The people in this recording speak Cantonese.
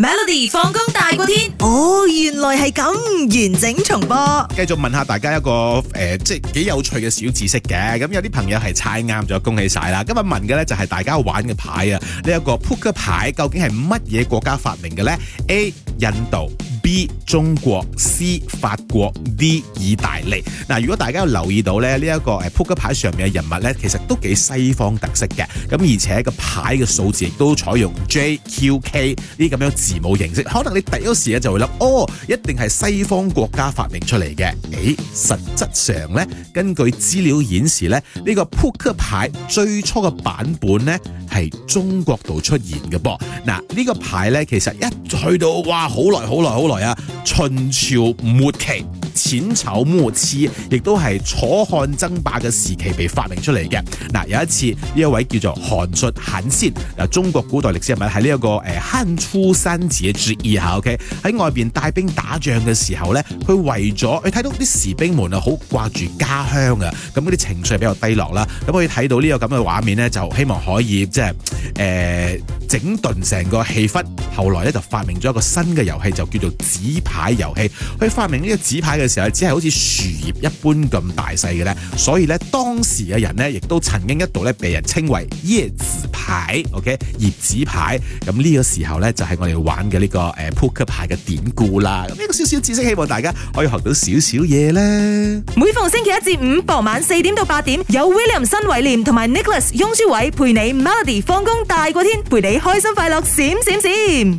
Melody，放工大過天，哦，原來係咁，完整重播。繼續問下大家一個誒、呃，即係幾有趣嘅小知識嘅。咁、嗯、有啲朋友係猜啱咗，恭喜晒啦！今日問嘅咧就係、是、大家玩嘅牌啊，呢、這、一個撲克牌究竟係乜嘢國家發明嘅咧？A 印度。B 中國、C 法國、D 意大利。嗱，如果大家有留意到咧，呢一個誒撲克牌上面嘅人物咧，其實都幾西方特色嘅。咁而且個牌嘅數字亦都採用 J、Q、K 呢咁樣字母形式。可能你第一時間就會諗哦，一定係西方國家發明出嚟嘅。誒，實質上咧，根據資料顯示咧，呢個撲克牌最初嘅版本咧係中國度出現嘅噃。嗱，呢個牌咧其實一去到，哇，好耐好耐好～來啊！秦朝末期，前朝末次，亦都係楚漢爭霸嘅時期被發明出嚟嘅。嗱，呃，有一次呢一位叫做韓信，嗱，呃，中國古代歷史人物喺呢一個誒慳粗生字嘅注意下，啊、，OK，喺外邊帶兵打仗嘅時候咧，佢為咗，佢睇到啲士兵們啊好掛住家鄉啊，咁嗰啲情緒比較低落啦。咁可以睇到個呢個咁嘅畫面咧，就希望可以即係誒。呃整頓成個氣氛，後來咧就發明咗一個新嘅遊戲，就叫做紙牌遊戲。佢發明呢個紙牌嘅時候，只係好似樹葉一般咁大細嘅咧，所以咧當時嘅人咧，亦都曾經一度咧被人稱為葉子。牌，OK，葉子牌，咁呢個時候呢，就係我哋玩嘅呢個誒撲克牌嘅典故啦。咁呢個少少知識，希望大家可以學到少少嘢咧。每逢星期一至五傍晚四點到八點，有 William 新偉廉同埋 Nicholas 雍舒偉陪你 Melody 放工大過天，陪你開心快樂閃閃閃。閃閃閃。